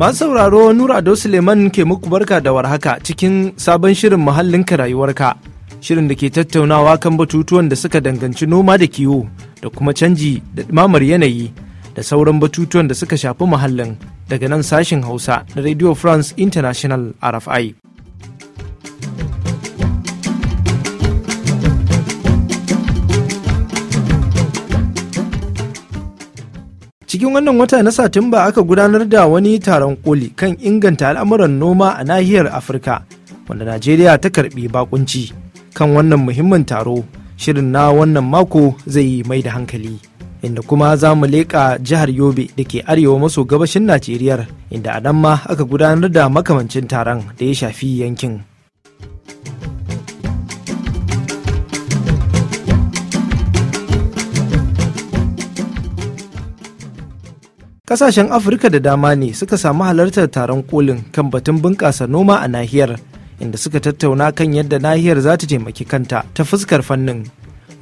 Masu sauraro Nura Ado Suleiman ke muku barka da warhaka cikin sabon shirin muhallin rayuwarka. Shirin da ke tattaunawa kan batutuwan da suka danganci noma da kiwo da kuma canji da ɗumamar yanayi da sauran batutuwan da suka shafi muhallin daga nan sashin Hausa na Radio France International RFI. cikin wannan wata na satumba aka gudanar da wani taron koli kan inganta al'amuran noma a nahiyar afirka wanda najeriya ta karbi bakunci kan wannan muhimmin taro shirin na wannan mako zai yi mai da hankali inda kuma za mu leƙa jihar yobe da ke arewa maso gabashin Najeriyar, inda a nan ma aka gudanar da makamancin taron da ya shafi yankin Kasashen Afirka da dama ne suka samu halartar taron kolin kan batun bunƙasa noma a nahiyar, inda suka tattauna kan yadda nahiyar za ta taimaki kanta ta fuskar fannin.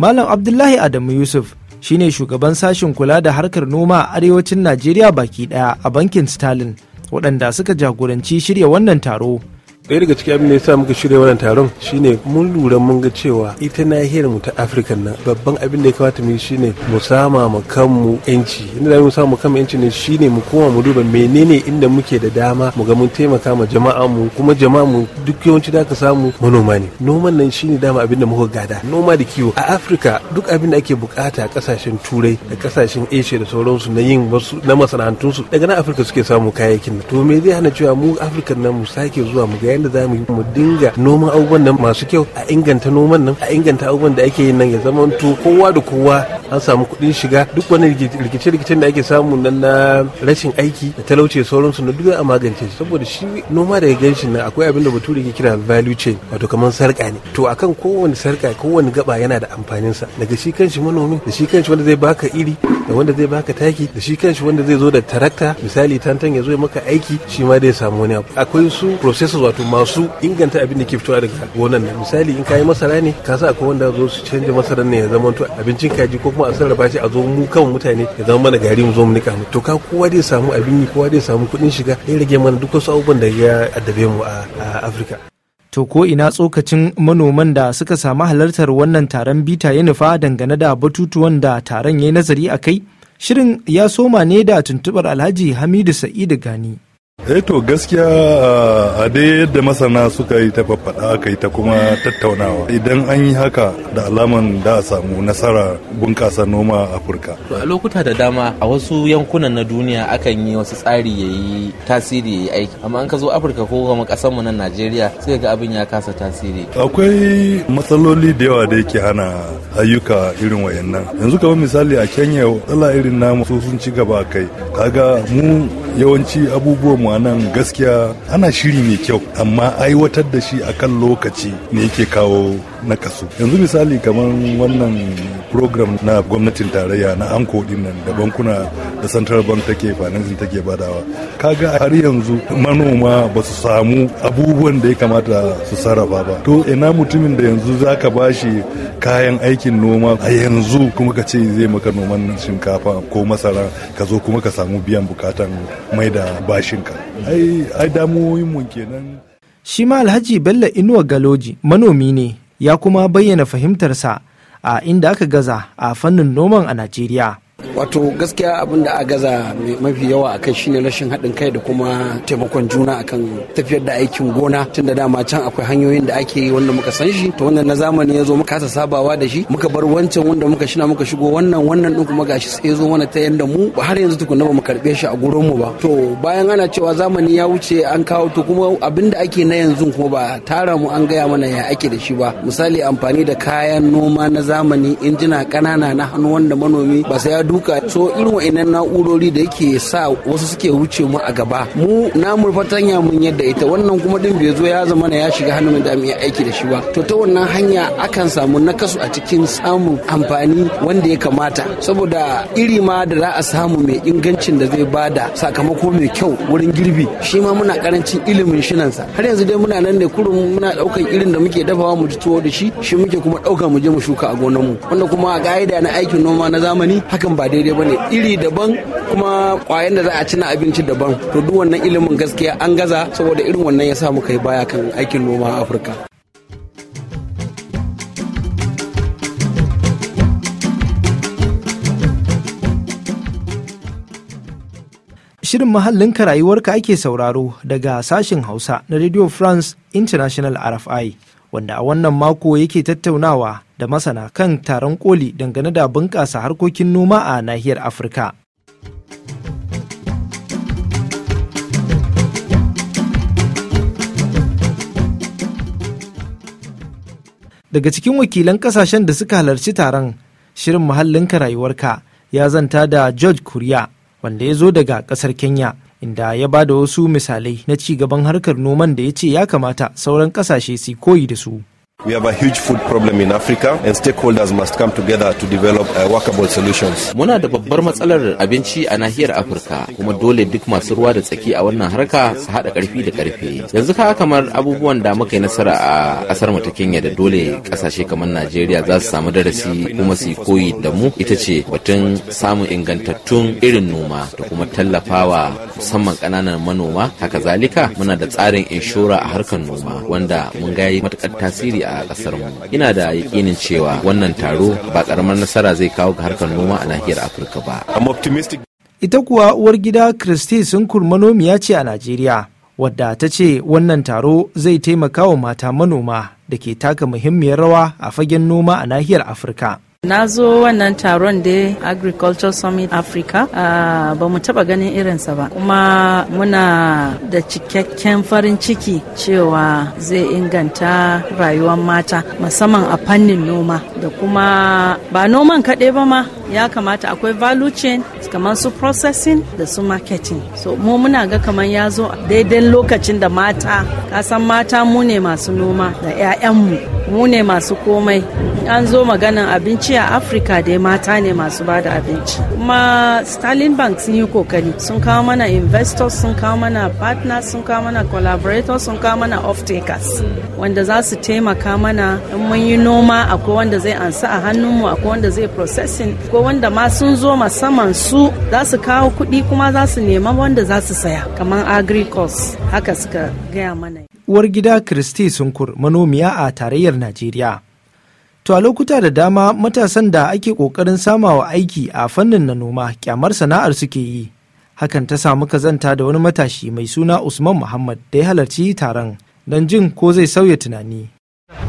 Malam Abdullahi Adamu Yusuf shine shugaban sashen kula da harkar noma a arewacin Najeriya baki ɗaya a bankin Stalin, waɗanda suka jagoranci shirya wannan taro. ɗaya daga cikin abin da ya sa muka shirya wannan taron shine mun lura mun ga cewa ita nahiyar mu ta afirka nan babban abin da ya kamata mu yi shine mu sama mu kanmu yanci inda zamu sama mu kanmu yanci ne shine mu koma mu duba menene inda muke da dama mu ga mun taimaka ma jama'a mu kuma jama'a mu duk yawanci da aka samu manoma ne noman nan shine dama abin da muka gada noma da kiwo a afirka duk abin da ake bukata a kasashen turai da kasashen asia da sauransu na yin wasu na masana'antunsu daga nan afirka suke samu kayayyakin to me zai hana cewa mu afirka nan mu sake zuwa mu ga yadda za mu yi mu dinga noman abubuwan nan masu kyau a inganta noman nan a inganta abubuwan da ake yin nan ya zama to kowa da kowa an samu kuɗin shiga duk wani rikice-rikicen da ake samu nan na rashin aiki da talauci sauransu na duk a magance su saboda shi noma daga ganshin nan akwai abin da bature ke kira value chain wato kamar sarka ne to akan kowane sarka kowane gaba yana da amfaninsa daga shi kanshi manomi da shi kanshi wanda zai baka iri da wanda zai baka taki da shi kanshi wanda zai zo da tarakta misali tantan ya zo maka aiki shi ma zai samu wani abu akwai su processes wato masu inganta abin da ke fitowa daga gonan nan misali in kayi masara ne ka sa akwai wanda zo su canja masarar ne ya zama to abincin kaji ko kuma a sarrafa shi a zo mu kan mutane ya zama mana gari mu zo mu nika mu to ka kowa zai samu abin yi kowa zai samu kuɗin shiga ya rage mana duk wasu abubuwan da ya addabe mu a Afirka to ko ina tsokacin manoman da suka samu halartar wannan taron bita ya nufa dangane da batutuwan da taron ya yi nazari a kai shirin ya soma ne da tuntubar alhaji hamidu sa'idu gani eh to gaskiya a dai yadda masana suka yi ta faffaɗa aka yi ta kuma tattaunawa idan an yi haka da alaman da a samu nasara bunƙasa noma a afirka a lokuta da dama a wasu yankunan na duniya akan yi wasu tsari ya yi tasiri ya yi aiki amma an ka zo afirka ko kuma ƙasar mu na najeriya sai ga abin ya kasa tasiri akwai matsaloli da yawa da yake hana ayyuka irin wayannan yanzu kamar misali a kenya tsala irin namu su sun ci gaba kai kaga mu yawanci abubuwan samu nan gaskiya ana shiri mai kyau amma aiwatar da shi a kan lokaci ne yake kawo na kasu yanzu misali kamar wannan program na gwamnatin tarayya na anko din nan da bankuna da central bank take financing take badawa kaga har yanzu manoma ba su samu abubuwan da ya kamata su sarrafa ba to ina mutumin da yanzu zaka shi kayan aikin noma a yanzu kuma ka ce zai maka noman shinkafa ko masara ka zo kuma ka samu biyan bukatan mai da bashinka ai ai damuwoyin mu kenan shi ma alhaji bello inuwa galoji manomi ne ya kuma bayyana fahimtarsa a inda aka gaza a fannin noman a Najeriya. wato gaskiya abin da a gaza mafi yawa kai shine rashin haɗin kai da kuma taimakon juna a kan tafiyar da aikin gona tun da dama can akwai hanyoyin da ake yi wanda muka san shi to wannan na zamani ya zo muka kasa sabawa da shi muka bar wancan wanda muka shina muka shigo wannan wannan din kuma gashi sai ya zo wani ta yanda mu har yanzu tukunna ba mu karɓe shi a gurin mu ba to bayan ana cewa zamani ya wuce an kawo to kuma abin da ake na yanzu kuma ba tara mu an gaya mana ya ake da shi ba misali amfani da kayan noma na zamani injina ƙanana na hannu wanda manomi ba sai ya duka ayyuka so irin wa'annan na'urori da yake sa wasu suke wuce mu a gaba mu namu fatanya mun yadda ita wannan kuma din bai zo ya zama na ya shiga hannun da mu aiki da shi ba to ta wannan hanya akan samu nakasu a cikin samun amfani wanda ya kamata saboda iri ma da za a samu mai ingancin da zai bada sakamako mai kyau wurin girbi shi ma muna karancin ilimin shinansa har yanzu dai muna nan ne kurum muna daukan irin da muke dafawa mu ji tuwo da shi shi muke kuma dauka mu je mu shuka a gonar mu wanda kuma a ka'ida na aikin noma na zamani hakan ba dai daidai bane iri daban kuma kwayan da za a ci na abinci daban to duk wannan ilimin gaskiya an gaza saboda irin wannan ya sa muka baya kan aikin noma a Afirka Shirin ka rayuwarka ake sauraro daga sashen Hausa na Radio France International RFI. wanda a wannan mako yake tattaunawa da masana kan taron koli dangane da bunƙasa harkokin noma a nahiyar afirka daga cikin wakilan kasashen da suka halarci taron shirin muhallinka rayuwarka ya zanta da george kuriya wanda ya zo daga kasar kenya inda ya ba da wasu misalai na ci gaban harkar noman da ya ce ya kamata sauran kasashe su koyi da su. We have a huge food problem in Africa and stakeholders must come together to develop uh, workable solutions. Muna da babbar matsalar abinci a nahiyar Afirka kuma dole duk masu ruwa da tsaki a wannan harka su haɗa ƙarfi da ƙarfi Yanzu ka kamar abubuwan da muka yi nasara a ƙasar mu ta Kenya da dole ƙasashe kamar Najeriya za su samu darasi kuma su koyi da mu ita ce batun samun ingantattun irin noma da kuma tallafawa musamman ƙananan manoma haka zalika muna da tsarin inshora a harkar noma wanda mun ga matuƙar tasiri a mu ina da yakinin cewa wannan taro ba ƙaramar nasara zai kawo ga harkar noma a nahiyar afirka ba ita kuwa uwar gida kristi sunkur manomiya ce a najeriya wadda ta ce wannan taro zai taimaka wa mata manoma da ke taka muhimmiyar rawa a fagen noma a nahiyar afirka Na zo wannan taron da Agriculture Summit Africa uh, ba mu taba ganin irinsa ba. Kuma muna da cikakken farin ciki cewa zai inganta rayuwar mata musamman a fannin noma da kuma ba noman kaɗai ba ma ya kamata akwai value chain kamar su processing da su marketing. So mu muna ga kamar ya zo daidai lokacin da mata kasan mata mu ne masu noma da 'ya'yanmu mu ne masu komai an zo maganan abinci a afirka dai mata ne masu ba da abinci kuma stalin bank sun yi kokari sun kawo mana investors sun kawo mana partners sun kawo mana collaborators sun kawo mana off takers wanda za su taimaka mana in mun yi noma akwai wanda zai ansa a hannunmu akwai wanda zai processing akwai wanda ma sun zo musamman su za su kawo kuɗi kuma za su nema wanda za su saya kamar agricos haka suka gaya mana uwar gida Kristi Sunkur manomiya a tarayyar Najeriya. To a lokuta da dama matasan da ake kokarin samawa aiki a fannin na noma kyamar sana'ar suke yi. Hakan ta samu kazanta da wani matashi mai suna Usman Muhammad da ya halarci taron don jin ko zai sauya tunani.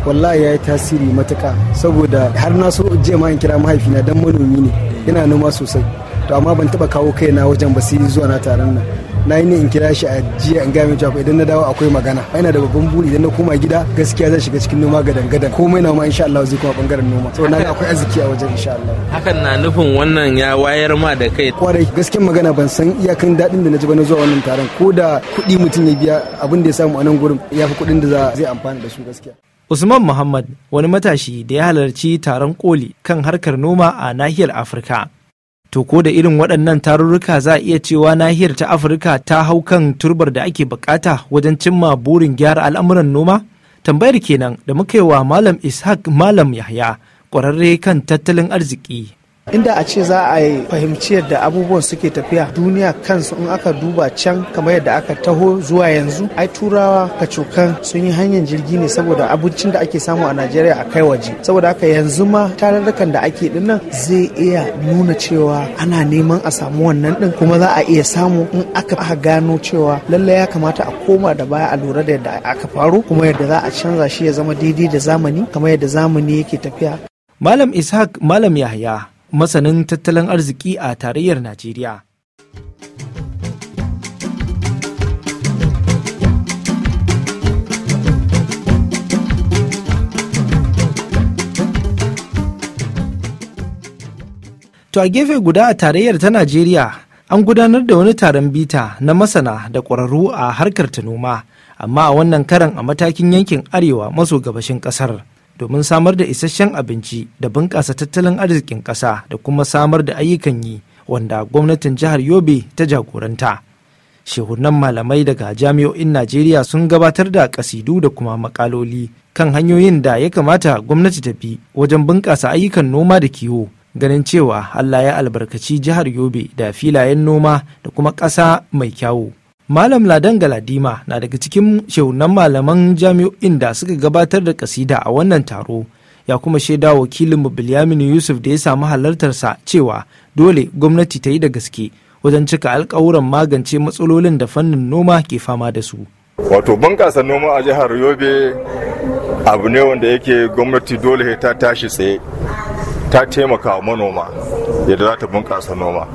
Wallahi ya yi tasiri matuka saboda har na so je ma kira mahaifina don manomi ne yana noma sosai. To amma ban taba kawo kaina wajen ba sai zuwa na taron nan. na yi ne in kira shi a jiya in gami cewa idan na dawo akwai magana ina da babban buri idan na koma gida gaskiya zan shiga cikin noma gadan gadan komai na ma insha Allah zai kuma bangaren noma to na ga akwai arziki a wajen insha Allah hakan na nufin wannan ya wayar ma da kai kwarai gaskiyar magana ban san iyakan dadin da na ji ba na zuwa wannan taron ko da kuɗi mutum ya biya abin da ya samu a nan gurin ya fi kuɗin da za zai amfana da su gaskiya Usman Muhammad wani matashi da ya halarci taron koli kan harkar noma a nahiyar Afirka To ko da irin waɗannan tarurruka za a iya cewa nahiyar ta Afirka ta hau kan turbar da ake bukata wajen cimma burin gyara al'amuran noma? Tambayar kenan da muka yi wa Malam Ishaq Malam Yahya ƙwararre kan tattalin arziki inda a ce za a yi fahimci yadda abubuwan suke tafiya duniya kansu in aka duba can kamar yadda aka taho zuwa yanzu ai turawa kacokan sun yi hanyar jirgi ne saboda abincin da ake samu a najeriya a kai waje saboda haka yanzu ma tarurrukan da ake din nan zai iya nuna cewa ana neman a samu wannan din kuma za a iya samu in aka gano cewa lallai ya kamata a koma da baya a lura da yadda aka faru kuma yadda za a canza shi ya zama daidai da zamani kamar yadda zamani yake tafiya malam ishaq malam yahya masanin tattalin arziki a tarayyar Najeriya. To a gefe guda a tarayyar ta Najeriya an gudanar da wani taron bita na masana da ƙwararru a harkar ta noma, amma a wannan karan a matakin yankin arewa maso gabashin ƙasar. domin samar da isasshen abinci da bunƙasa tattalin arzikin ƙasa da kuma samar da ayyukan yi wanda gwamnatin jihar yobe ta jagoranta shehunan malamai daga jami'o'in najeriya sun gabatar da kasidu da kuma makaloli kan hanyoyin da ya kamata gwamnati ta bi wajen bunƙasa ayyukan noma da kiwo ganin cewa allah ya albarkaci jihar yobe da filayen noma da kuma ƙasa mai kyawu Malam Ladan Galadima na daga cikin shehunan malaman jami'o'in da suka gabatar da kasida a wannan taro ya kuma shaida wakilin bilyaminu Yusuf da ya samu halartarsa cewa dole gwamnati ta yi da gaske wajen cika alkawuran magance matsalolin da fannin noma ke fama da su. Wato bunƙasa noma a jihar Yobe abu ne wanda yake gwamnati dole ta tashi tsaye ta taimaka manoma yadda za ta bunƙasa noma.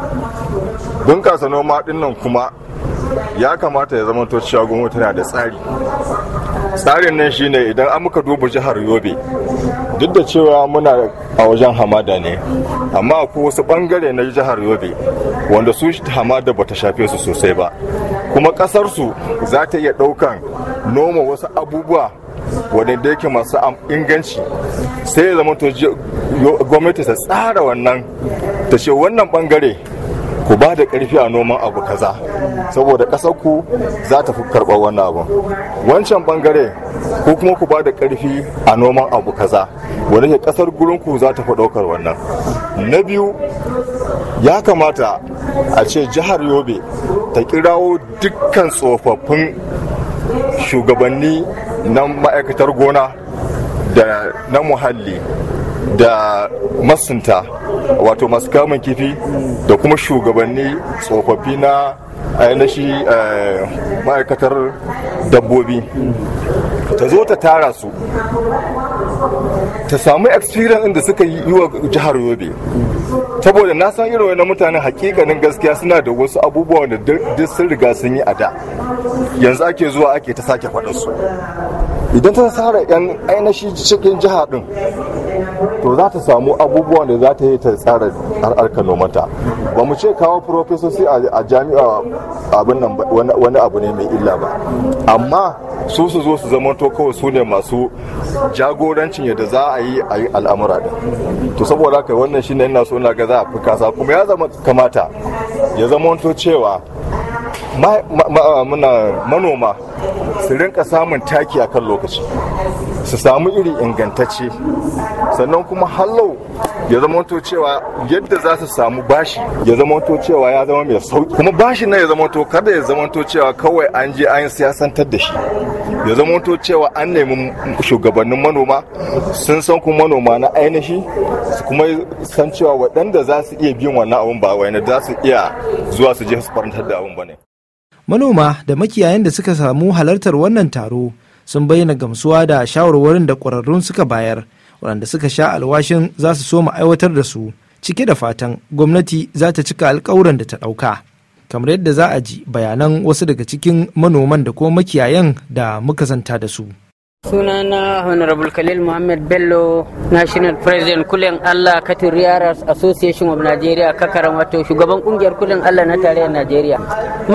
Bunƙasa noma ɗin nan kuma ya kamata ya zama to cewa gwamnati tana da tsari tsarin nan shine idan an muka duba jihar yobe duk da cewa muna a wajen hamada ne amma akwai wasu bangare na jihar yobe wanda su hamada ba ta shafe su sosai ba kuma ƙasarsu za ta iya ɗaukan noma wasu abubuwa waɗanda yake masu inganci sai ya zama to gwamnati ta tsara wannan ta ce wannan bangare ku ba da ƙarfi a noman abu kaza saboda ƙasar ku za ta fi karɓar wannan abu wancan bangare ko kuma ku ba da ƙarfi a noman abu kaza wanda ke ƙasar gurin ku za ta fi ɗaukar wannan na biyu ya kamata a ce jihar yobe ta kirawo dukkan tsofaffin shugabanni na ma'aikatar gona da na muhalli da masunta wato masu kamun kifi da kuma shugabanni tsofaffi na ainihi eh, ma'aikatar dabbobi ta zo ta tara su ta samu experience da suka yi wa jihar yobe saboda na san irin wani mutanen hakikanin gaskiya suna da wasu abubuwa da duk sun riga sun yi a da yanzu ake zuwa ake ta sake faɗa su idan ta tsara yan ainihin cikin jiha din to za ta samu abubuwan da za ta yi ta tsara harkar nomanta ba mu ce kawo profesoci a jami'a abin wani abu ne mai illa ba amma su su zo su zama to kawai su ne masu jagorancin yadda za a yi a yi al'amura da to saboda haka wannan shi ne ina so na ga za a fi kuma ya zama kamata ya zama to cewa manoma su rinka samun taki a kan lokaci su samu iri ingantacce sannan kuma hallo ya zama to cewa yadda za su samu bashi ya zama to cewa ya zama mai sauki kuma bashi na ya zama to kada ya zama to cewa kawai an je an siyasantar da shi ya zama to cewa an nemi shugabannin manoma sun san kuma manoma na ainihi su kuma san cewa waɗanda za su iya biyan wannan abun ba wai za su iya zuwa su je su farantar da abun ba ne manoma da makiyayan da suka samu halartar wannan taro sun bayyana gamsuwa da shawarwarin da ƙwararrun suka bayar waɗanda suka sha alwashin za su soma aiwatar da su cike da fatan gwamnati za ta cika alkawuran da ta ɗauka kamar yadda za a ji bayanan wasu daga cikin manoman da kuma makiyayan da muka zanta da su. sunana honorable khalil muhammad bello national president kulen allah katin riyaras association of nigeria kakaran wato shugaban kungiyar kulen allah na tarayyar nigeria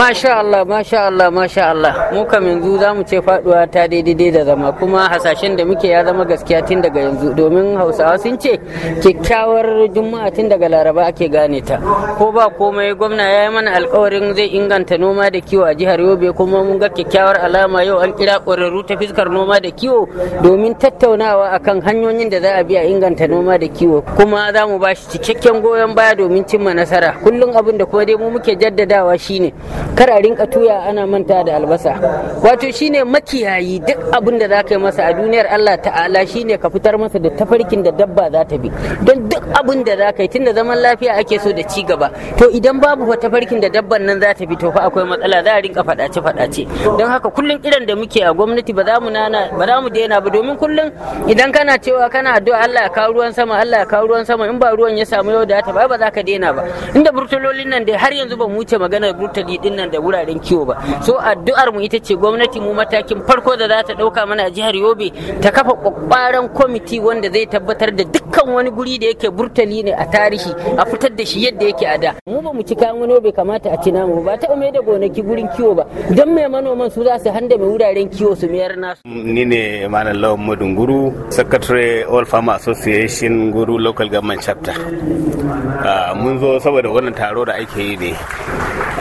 masha allah masha allah masha allah mu kam yanzu za mu ce faduwa ta daidai da zama kuma hasashen da muke ya zama gaskiya tun daga yanzu domin hausawa sun ce kyakkyawar juma'a tun daga laraba ake gane ta ko ba komai gwamna ya yi mana alkawarin zai inganta noma da kiwo a jihar yobe kuma mun ga kyakkyawar alama yau an kira ƙwararru ta fiskar noma da kiwo domin tattaunawa akan hanyoyin da za a biya inganta noma da kiwo kuma za mu bashi cikakken goyon baya domin cimma nasara kullum abin da kuma dai mu muke jaddadawa shine kar a rinka tuya ana manta da albasa wato shine makiyayi duk abin da za ka yi masa a duniyar Allah ta'ala shine ka fitar masa da tafarkin da dabba za ta bi don duk abin da za ka yi tunda zaman lafiya ake so da ci gaba to idan babu fa tafarkin da dabban nan za ta bi to fa akwai matsala za a rinka fadace-fadace don haka kullum irin da muke a gwamnati ba za mu nana ba za mu daina ba domin kullum idan kana cewa kana addu'a Allah ya kawo ruwan sama Allah ya kawo ruwan sama in ba ruwan ya samu yau da ya taba ba za ka daina ba inda burtulolin nan da har yanzu ba mu wuce maganar burtali din nan da wuraren kiwo ba so addu'ar mu ita ce gwamnati mu matakin farko da za ta dauka mana a jihar Yobe ta kafa kwakwaran kwamiti wanda zai tabbatar da dukkan wani guri da yake burtali ne a tarihi a fitar da shi yadda yake a da mu ba mu ci kayan wani bai kamata a ci namu ba ta mai da gonaki gurin kiwo ba dan mai manoman su za su handa mai wuraren kiwo su mayar nasu ne Emmanuel Lawan Guru, Secretary All Farmer Association Guru Local Government Chapter. Ah, mun zo saboda wannan taro da ake yi ne.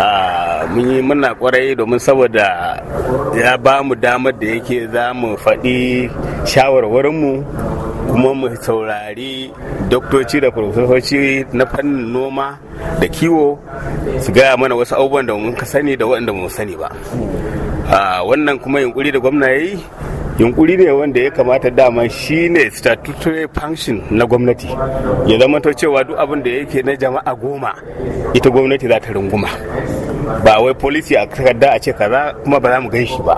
Ah, mun yi muna kwarai domin saboda ya ba mu damar da yake za mu faɗi shawarwarinmu kuma mu saurari doktoci da profesoci na fannin noma da kiwo su gaya mana wasu abubuwan da mun ka sani da waɗanda mu sani ba ah, wannan kuma yunkuri da gwamna ya yi yunkuri ne wanda ya kamata dama shi ne statutory function na gwamnati ya zama to cewa duk abin da yake na jama'a goma ita gwamnati za ta runguma ba wai policy a takarda a ce kaza kuma ba za mu gan shi ba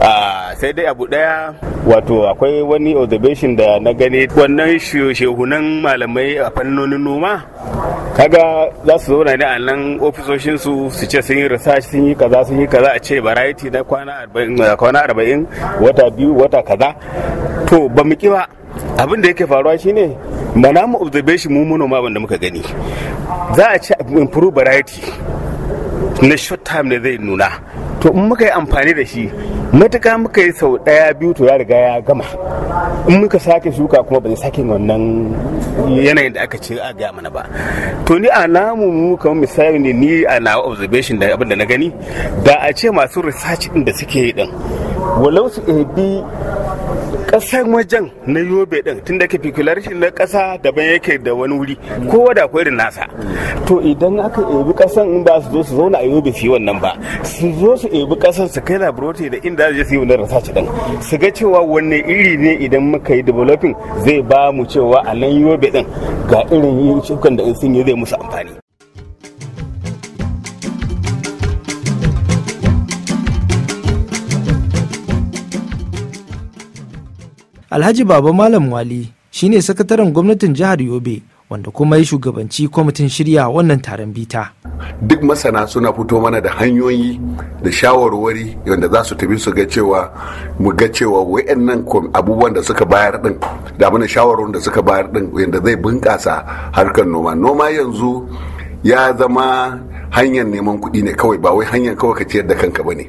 ah, sai dai abu daya wato akwai wani observation da na gani wannan shehunan malamai a fannonin noma kaga za su zauna ne a nan ofisoshin su su ce sun yi research sun yi kaza sun yi kaza a ce variety na kwana 40 eh, wata biyu wata kaza to ba mu ba abin da yake faruwa shine mana mu observation mu noma abin da muka gani za a ce improve variety na short time ne zai nuna to in muka yi amfani da shi matuka muka yi sau daya biyu to ya riga ya gama in muka sake shuka kuma ba zai sake wannan yanayin da aka ce a gaya mana ba to ni a namu mu kamar misali ne ni a nawa observation da abin na gani da a ce masu research din da suke yi din walau su ebi kasan wajen na yobe din tun da fikularshi na kasa daban yake da wani wuri ko da akwai nasa to idan aka ebi kasan in ba su zo su zauna a yobe su yi wannan ba su zo su ebi kasan su kai laboratory da inda zai su yi wannan research din su ga cewa wanne iri ne idan muka yi developing zai ba mu cewa a nan yobe din ga irin shukan da sun yi zai musu amfani alhaji baba malam wali shine sakataren gwamnatin jihar yobe wanda kuma ya shugabanci kwamitin shirya wannan taron bita duk masana suna fito mana da hanyoyi da shawarwari yadda za su tafi su ga cewa mu ga cewa wayannan abubuwan da suka bayar din da mana shawarwarin da suka bayar din yadda zai bunkasa harkar noma noma yanzu ya zama hanyar neman kuɗi ne kawai ba wai hanyar kawai ka ciyar da kanka ba ne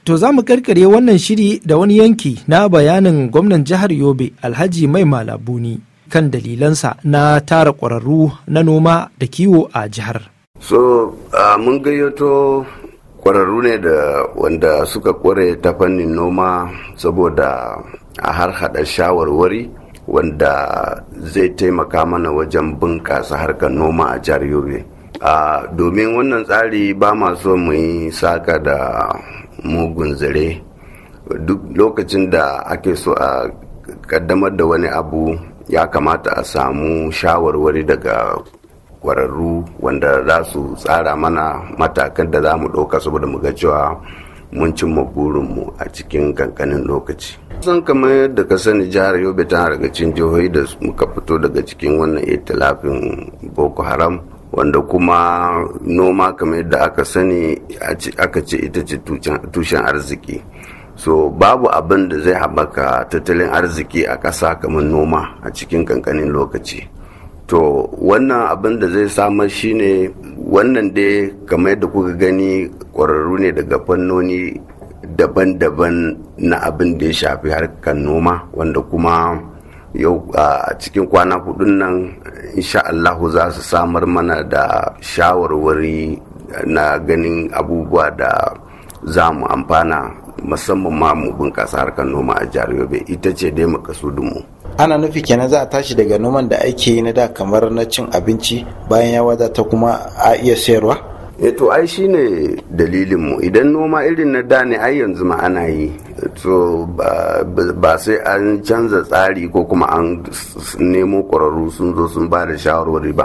To za mu karkare wannan shiri da wani yanki na bayanin gwamnan jihar Yobe Alhaji Mai Malabuni kan dalilansa na tara ƙwararru na noma da kiwo a jihar. So, uh, mun gayyato ƙwararru ne da wanda suka ƙware ta fannin noma saboda a har haɗa shawarwari wanda zai taimaka mana wajen bunƙasa harkar noma a jihar Yobe. Uh, domin wannan tsari ba ma so mu yi saka da mugun zare duk lokacin da ake so a kaddamar da wani abu ya kamata a samu shawarwari daga kwararru wanda za su tsara mana matakan da za mu ɗauka saboda mu ga cewa mun cimma mu a cikin kankanin lokaci. san kamar yadda ka sani jihar yobe tana daga cikin jihohi da muka fito daga cikin wannan itilafin boko haram wanda kuma noma kamar yadda aka sani aka ce ita ce tushen arziki so babu abin da zai haɓaka tattalin arziki a ƙasa kamar noma a cikin kankanin lokaci to wannan abin da zai samar shine wannan dai kamar yadda kuka gani ƙwararru ne daga fannoni daban-daban na abin da ya shafi harkar noma wanda kuma yau a cikin kwana hudun nan insha Allahu za su samar mana da shawarwari na ganin abubuwa da za mu amfana musamman ma mu bunƙasa harkar noma a jihar Yobe ita ce dai dumu Ana nufi kenan za a tashi daga noman da ake yi na da kamar na cin abinci bayan ya wadata kuma a iya sayarwa? Eh to ai shine dalilinmu idan noma irin na da ne ai yanzu ma ana yi so ba sai an canza tsari ko kuma an nemo ƙwararru sun zo sun bada shawarwari ba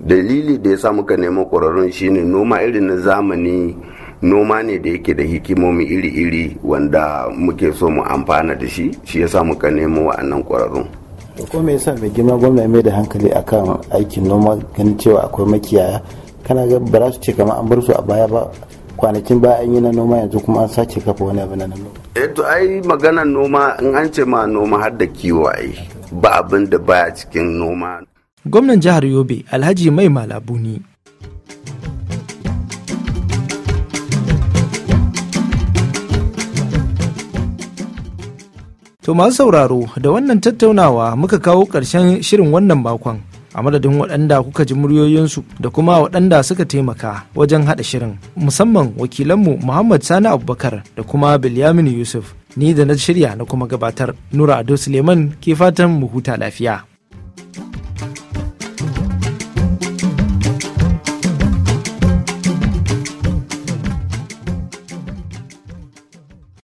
dalili da ya sa muka nemo ƙwararrun shine noma irin na zamani noma ne da yake da hikimomi iri-iri wanda muke so mu amfana da shi shi ya sa muka nemo wa'annan ƙwararrun ko me yasa mai girma gwamna mai da hankali akan aikin noma ganin cewa akwai makiyaya kana ga ba su ce kama an bar su a baya ba kwanakin baya an yi na noma yanzu kuma an sace kafa wani abu na noma eto eh, ai maganar noma in an ce ma noma har da kiwo ai ba abin da baya cikin noma gwamnan jihar yobe alhaji mai malabuni To masu sauraro da wannan tattaunawa muka kawo ƙarshen shirin wannan makon a madadin waɗanda kuka ji muryoyinsu da kuma waɗanda suka taimaka wajen haɗa shirin musamman wakilanmu muhammad sani abubakar da kuma bilyamin yusuf ni da na shirya na kuma gabatar nura ado suleiman ke fatan mu huta lafiya